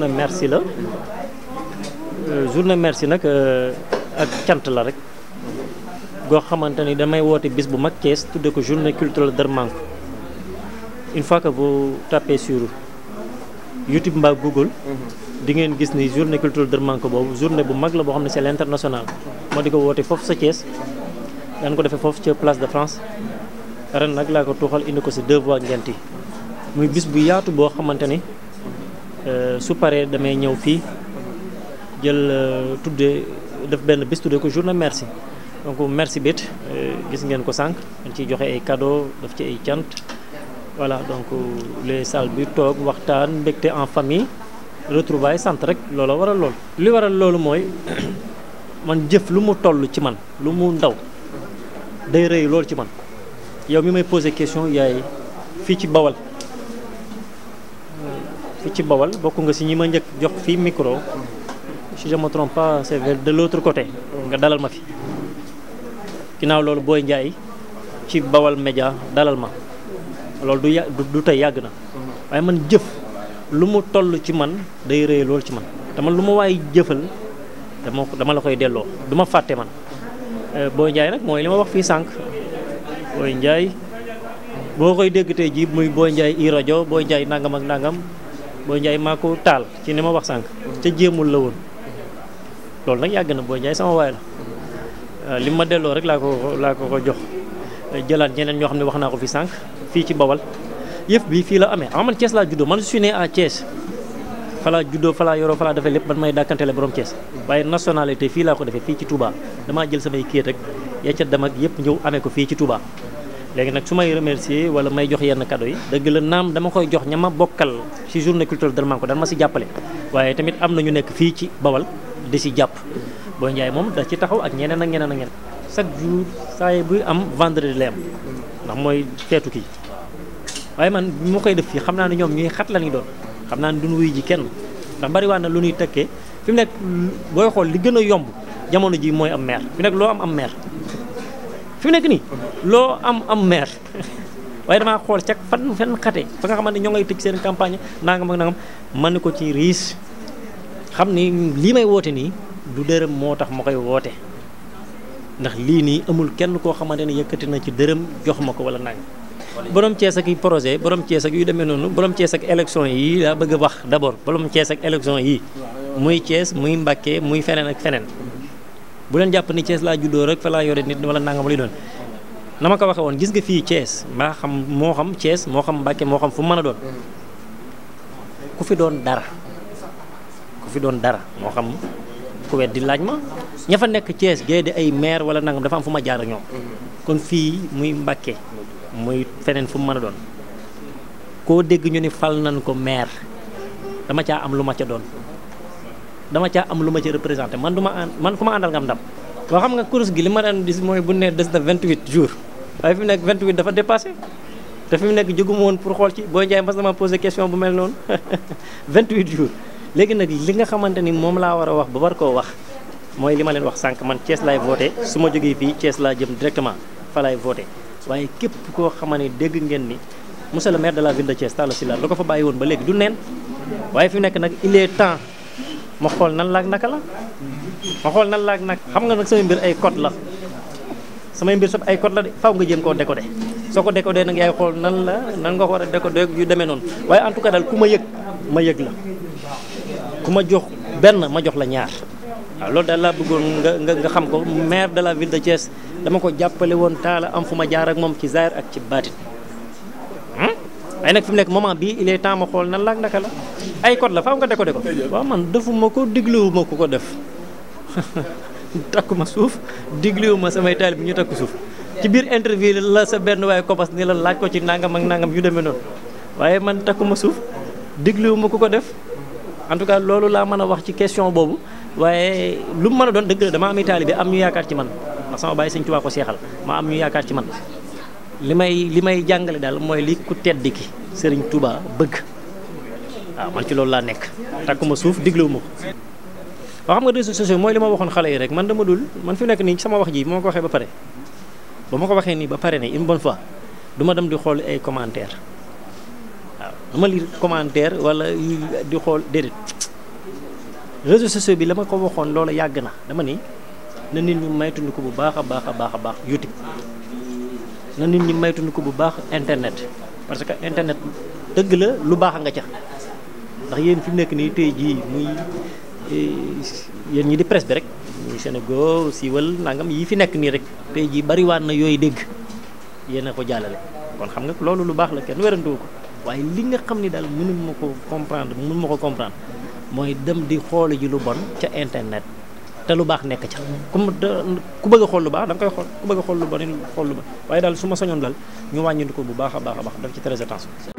journée merci la euh, journée merci nag euh, ak cant la rek goo xamante ni damay woote bis bu mag Thiès tudde ko journée culturelle Darmanko une fois que bu tapez sur YouTube mbaa Google mhm. di gis ni journée culturelle manque boobu journée bu mag la boo xam ne c'est l'international moo di ko woote foofu sa Thiès daan ko defee foofu ca place de France ren nag laa ko tuuxal indi ko si deux voies muy bis bu yaatu boo xamante Euh, su paree damay ñëw fii jël euh, tuddee def benn bés tuddee ko journée merci donc merci bit euh, gis ngeen ko sànq dañ ciy joxe ay cadeau daf ci ay cant voilà donc les salles bi toog waxtaan mbégte en famille retrouvailles sant rek loola waral loolu li waral loolu mooy man jëf lu mu toll ci man lu mu ndaw day rëy loolu ci man yow mi may posé question yaay fii ci Bawal fii ci Bawal bokk nga si ñi ma njëkk jox fii micro si je me trompe pas c'est vers de l'autre côté nga dalal ma fi ginnaaw loolu Boy Ndiaye ci Bawal Média dalal ma loolu du yà du tey yàgg na waaye man jëf lu mu toll ci man day rëy loolu ci man te man lu ma waaye jëfal dama la koy delloo du ma fàtte man euh, Boy Ndiaye nag mooy li ma wax fii sànq Boy Ndiaye boo koy dégg tey jii muy Boy Ndiaye i rajo Boy Ndiaye nangam ak nangam booy njaay maa ko taal ci ni ma wax sànq ca mm-hmm. jéemul la woon loolu nag yàgg na booy njaay sama waay la euh, li ma delloo rek laa ko laa ko ko jox euh, jëlaat ñeneen ñoo xam ne wax naa ko fi sànq fii ci bawal yëf bi fii la amee ah man Thiès laa juddoo man je suis né a Thiès falaa juddoo falaa yoroo falaa defee lépp man may dàkkanteele borom cees waaye nationalité fii laa ko defee fii ci tubaa damaa jël samay kii rek yecca dem ak ñëw amee ko fii ci tubaa léegi nag su may remercier wala may jox yenn kado yi dëgg la naam dama koy jox ñama bokkal ci journée culturelle de Darmanko dan ma si jàppale waaye tamit am na ñu nekk fii ci Bawal di si jàpp Boy Ndiaye moom da ci taxaw ak ñeneen ak ñeneen ak ñeneen chaque jour saa yi buy am vendredi lay am ndax mooy feetu kii waaye man bi ma koy def fii xam naa ne ñoom ñuy xat la ñu doon xam naa ni duñ wuy ji kenn ndax bari na lu ñuy tëkkee fi mu nekk booy xool li gën a yomb jamono ji mooy am maire fi mu loo am am maire fi mu nekk nii loo am am maire waaye damaa xool ca fan fenn xate fa nga xamante ne ñoo ngay tëj seen campagne nangam man nangam ko ci riis xam ni lii may woote nii du dërëm moo tax ma koy woote ndax lii nii amul kenn koo xamante ne yëkkati na ci dërëm jox ma ko wala nang borom Cees ak projet borom Cees ak yu demee noonu borom Cees ak élection yi laa bëgg a wax d'abord borom Cees ak élection yi muy Cees muy mbakke muy feneen ak feneen bu leen jàpp ni Thiès laa juddoo rek fa laa yore nit wala nangam li doon na ma ko waxee woon gis nga fii Thiès mbaa xam moo xam cees moo xam Mbàkke moo xam fu mu a doon ku fi doon dara ku fi doon dara moo xam ku di laaj ma ña fa nekk Thiès gée ay maire wala nangam dafa fu ma jaar ak ñoom kon fii muy Mbàkke muy feneen fu mu mën a doon koo dégg ñu ni fal nañ ko maire dama caa am lu ma ca doon dama caa am lu ma ci représenté man du ma man ku ma àndal nga am ndam loo xam nga course gi li ma daan gis mooy bu ne des na 28 jours woon pour xool ci boo jaay mas na ma posé question bu mel noonu 28 jours léegi nag li nga xamante ni moom laa war a wax ba war koo wax mooy li ma leen wax man Thiès laay voté su ma jógee fii Thiès laa jëm directement fa laay voté waaye képp koo xamante ni dégg ngeen ni monsieur le maire de la ville de Thiès Talla Sylla la woon ba léegi du neen waaye fi mu nekk nag il est temps ma xool nan laak naka la ma xool nan laak naka xam nga nag samay mbir ay code la samay mbir sob ay code la de faaw nga jéem koo décoder soo ko décoder nag yaay xool nan la nan nga ko war a décoder yu demee noonu waaye en tout cas daal ku ma yëg ma yëg la ku ma jox benn ma jox la ñaar waaw loolu daal laa bëggoon nga nga xam ko maire de la ville de Thiès dama ko jàppale woon taala am fu ma jaar ak moom ci zaahir ak ci baatin waaye nag fi mu nekk moment bii il est temps ma xool nan la ak naka la ay code la faaw nga décoder ko waaw man defuma ko digluwuma ko ko def takkuma suuf digluwuma samay taalib ñu takku suuf ci biir interview la sa benn waaye kopas ni la laaj ko ci nangam ak nangam yu demee noonu waaye man takkuma suuf digluwuma ko ko def en tout cas loolu laa mën a wax ci question boobu waaye lu mu a doon dëgg la dama am i taalibe am ñu yaakaar ci man ndax sama bàyyi sëñ Tuubaa ko seexal ma am ñu yaakaar ci man li may li may jàngale daal mooy li ku tedd ki sëriñ Touba bëgg waaw man ci loolu laa nekk takkuma suuf digluwuma ko. waaw xam nga réseaux sociaux mooy li ma waxoon xale yi rek man dama dul man fi nekk nii sama wax ji bi ma ko waxee ba pare ba ma ko waxee nii ba pare ne une bonne fois du dem di xool ay commentaire waaw dama lire commentaire wala di xool déedéet réseaux sociaux bi la ma ko waxoon loola yàgg na dama ni na nit ñi maytundi ko bu baax a baax a baax a baax YouTube na nit ñi ko bu baax internet parce que internet dëgg la lu baax nga ca ndax yéen fi nekk nii tey jii muy eh, yéen ñi di presse rek muy Sénégal siiwal nangam yi fi nekk nii rek tey jii bariwaan na yooyu dégg yéen a ko jàllale kon xam nga loolu lu baax la kenn werantewu ko waaye li nga xam ni daal mënu ma ko comprendre mënu ma ko comprendre mooy dem di xool ji lu bon ca internet te lu baax nekk ca comme ku bëgg a xool lu baax da nga koy xool ku bëgg a xool lu bon xool lu bon waaye daal su ma soñoon daal ñu wàññi ko bu baax a baax a baax daf ci très attention